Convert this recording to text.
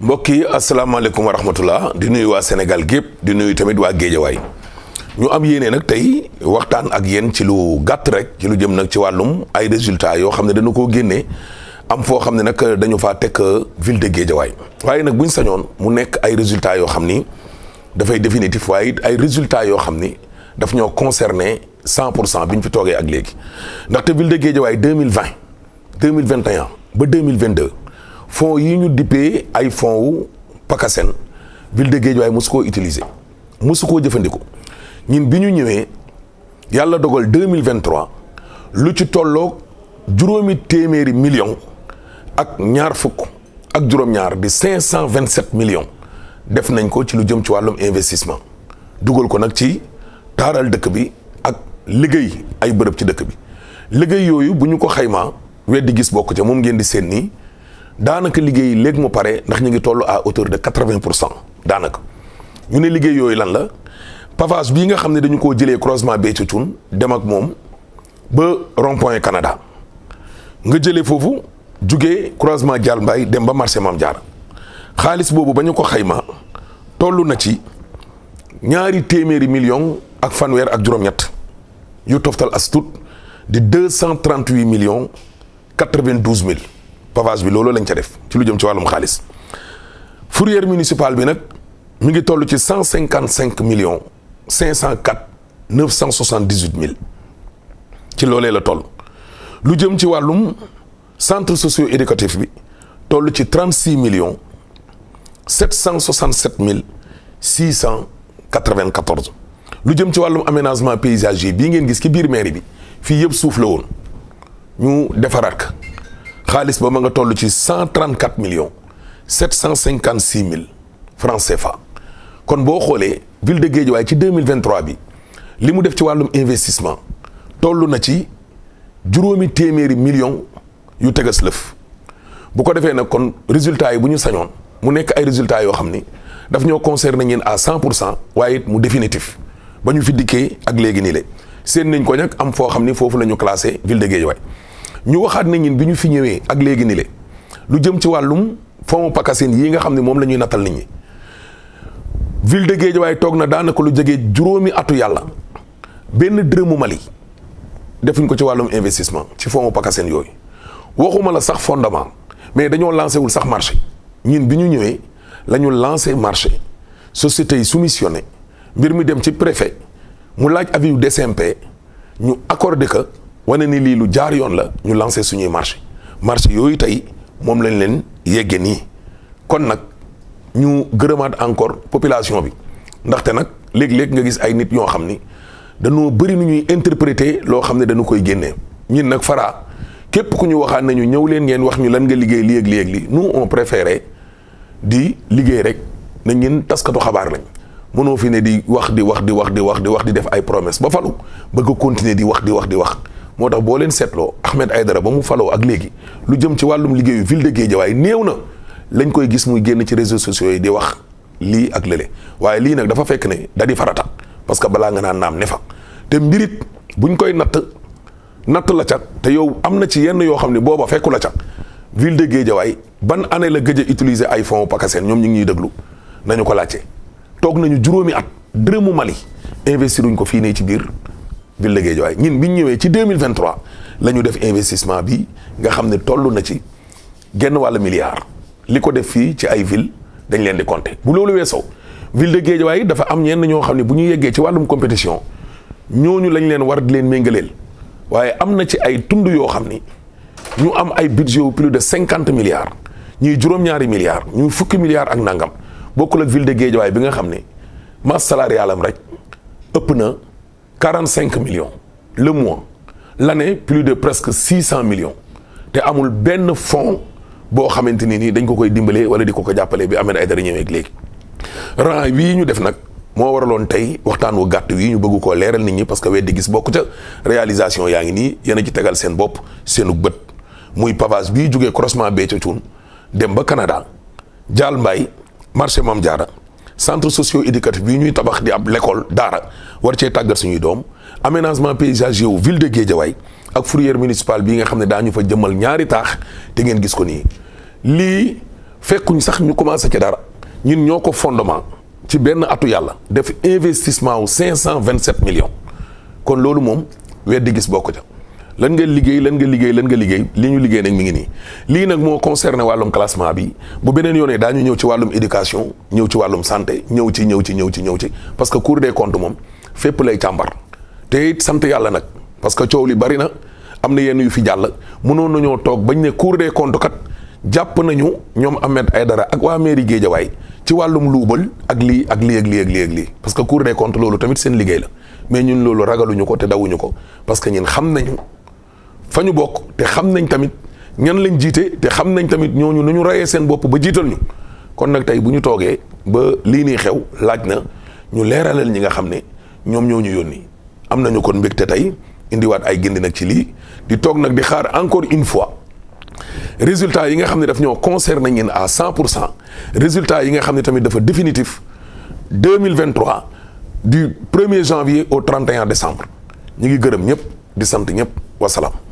mbokk yi asalaamaaleykum wa rahmatullah di nuyu waa Sénégal gépp di nuyu tamit waa Géejawaay ñu am yéene nag tey waxtaan ak yéen ci lu gàtt rek ci lu jëm nag ci wàllum ay résultats yoo xam ne dañu koo génnee am foo xam ne nag dañu faa teg euh, ville de Géejawaay waaye nag bu ñu sañoon mu nekk ay résultats yoo xam ni dafay définitif waaye ay résultats yoo xam ni daf ñoo concerné cent pour cent bi ñu fi toogee ak léegi ndaxte ville de Guédiawaye deux mille vingt deux mille vingt ba deux mille vingt deux fonds yi ñu dippee ay fonds wu PACASEN ville de mosu koo utiliser mosu koo jëfandikoo ñun bi ñu ñëwee yàlla dogal deux mille vingt lu ci tolloog juróomi téeméeri millions ak ñaar fukk ak juróom-ñaar di cinq vingt sept millions def nañ ko ci lu jëm ci wàllum investissement dugal ko nag ci taaral dëkk bi ak liggéey ay bërëb ci dëkk bi liggéey yooyu bu ñu ko xaymaa weddi gis bokk ca moom ngeen di seen nii daanaka liggéey léegi mu pare ndax ñu ngi toll à hauteur de quatre-vingt pour cent daanaka ñu ne liggéey yooyu lan la pavage bi nga xam ne dañu koo jëlee croisement Béthio Thioune dem ak moom ba rond-point Canada nga jëlee foofu jóge croisement Dial Mbaye dem ba marché Mame Diarra xaalis boobu ba ñu ko xayma toll na ci ñaari téeméeri million ak fanweer ak juróom-ñett yu toftal as di deux cent trente-huit millions quatre-vingt-douze mille pavage bi loolu lañ ca def ci lu jëm ci wàllum xaalis fourier municipale bi nag mu ngi toll ci cent cinquante cinq millions cinq cent quatre neuf cent soixante dix mille ci loolee la toll lu jëm ci wàllum centre socio éducatif bi toll ci trente six million sept cent soixante sept mille six cent quatre lu jëm ci wàllum aménagement paysager bi ngeen gis ci biir mairie bi fii yëpp suuf la woon ñu defaraat xaalis ba ma nga toll ci cent trente quatre millions sept cent cinquante six mille francs CFA kon boo xoolee ville de waaye ci deux mille vingt bi li mu def ci wàllum investissement toll na ci juróomi téeméeri millions yu tegas lëf bu ko defee nag kon résultats yi bu ñu sañoon mu nekk ay résultats yoo xam ni daf ñoo concerné ngeen à cent pour cent waaye it mu définitif ba ñu fi dikkee ak léegi nii la seen nañ ko nag am foo xam ni foofu la ñu classé ville de Guédiawaye ñu waxaat na ñun bi ñu fi ñëwee ak léegi nile lu jëm ci wàllum fonds Pakassine yi nga xam ne moom la ñuy nattal nit ñi ville de waaye toog na daanaka lu jege juróomi atu yàlla benn dërëmu Mali defuñ ko ci wàllum investissement ci fonds Pakassine yooyu waxuma la sax fondement mais dañoo lancé wul sax marché ñun bi ñu ñëwee la ñu lancé marché société yi soumissionné mbir mi dem ci préfet mu laaj avis yu DCMP ñu accordé que wane ni lii lu jaar yoon la ñu lancé suñuy marché marché yooyu tey moom lañ leen yegge nii kon nag ñu gërëmaat encore population bi ndaxte nag léegi léeg nga gis ay nit ñoo xam ni dañoo bëri nu ñuy interpréter loo xam ne dañu koy génnee ñun nag fara képp ku ñu waxaan nañu ñëw leen ngeen wax ñu lan nga liggéey li ak lii ak lii nous on préféré di liggéey rek na ñun taskatu xabaar lañ mënoo fi ne di wax di wax di wax di wax di wax di def ay promesse ba falu bëgg continuer di wax di wax di wax moo tax boo leen seetloo Ahmed Aïdara ba mu faloo ak léegi lu jëm ci wàllum liggéeyu ville de Guédiawaye néew na lañ koy gis muy génn ci réseaux sociaux yi di wax lii ak lële waaye lii nag dafa fekk ne da di farata parce que balaa nga naan naam ne fa te mbirit buñ koy natt natt la ca te yow am na ci yenn yoo xam ne booba fekku la ca ville de Guédiawaye ban année la gëj a utiliser ay fonds pakaseen ñoom ñu ngi ñuy déglu nañu ko laajte toog nañu juróomi at dërëmu Mali investir wuñ ko fii nii ci biir ville de Guédiawaye ñun bi ñu ñëwee ci 2023 la ñu def investissement bi nga xam ne toll na ci genn wàllu milliard li ko def fii ci ay ville dañ leen di bu loolu weesoo ville de Guédiawaye dafa am ñenn ñoo xam ne bu ñu yeggee ci wàllum compétition ñooñu lañ leen war di leen méngaleel waaye am na ci ay tund yoo xam ni ñu am ay budget plus de cinquante milliards ñuy juróom-ñaari milliards ñuy fukki milliards ak nangam bokkul ak ville de waaye bi nga xam ne masse salariale am rek ëpp na. quarante cinq millions le mois l'année plus de presque six cent millions te amul benn fonds boo xamante ni nii dañ ko koy dimbalee wala di ko ko jàppalee bi Ahmed Aïdara ñëwee ak léegi ran wii ñu def nag moo waraloon tey waxtaan wu gàtt wii ñu bëgg ko leeral nit ñi parce que weddi gis bokku ca réalisation yaa ngi nii yéen a ci tegal seen bopp seenu bët muy pavage bii jugee croisement Béthio Thioune dem ba Canada jaal Mbaye marché Mame Diarra centre socio éducatif bi ñuy tabax di ab l'école daara war cee tàggat suñuy doom aménagement paysager wu ville de Guédiawaye ak fourrière municipale bi nga xam ne daañu fa jëmmal ñaari taax te ngeen gis ko nii lii fekkuñ sax ñu commencé ci dara ñun ñoo ko fondement ci benn atu yàlla def investissement wu cinq cent vingt-sept millions kon loolu moom weddi gis bokk ca lan nga liggéey lan nga liggéey lan nga liggéey li ñu liggéey nag mi ngi nii lii nag moo concerné wàllum classement bi bu beneen yoon yoonee daañu ñëw ci wàllum éducation ñëw ci wàllum santé ñëw ci ñëw ci ñëw ci ñëw ci parce que Cour de comptes moom fépp lay càmbar te it sant yàlla nag parce que coow li bari na am na yenn yu fi jàll mënoon nañoo toog bañ ne Cour de comptes kat jàpp nañu ñoom ay dara ak waa mairie Guédiawaye ci wàllum luubal ak lii ak lii ak lii ak lii ak parce que Cour des loolu tamit seen liggéey la mais ñun loolu ragaluñu ko te dawuñu ko parce que ñun xam nañu fa ñu bokk te xam nañ tamit ñan lañ jiite te xam nañ tamit ñooñu nu ñu rayee seen bopp ba jiital ñu kon nag tey bu ñu toogee ba lii nii xew laaj na ñu leeralal ñi nga xam ne ñoom ñoo ñu yónni am nañu kon mbégte tey indiwaat ay gindi nag ci lii di toog nag di xaar encore une fois résultat yi nga xam ne daf ñoo concerné ñin à cent pour cent résultat yi nga xam ne tamit dafa définitif deux mille vingt du premier janvier au trente et un décembre ñu ngi gërëm ñëpp di sant ñëpp wasalaam.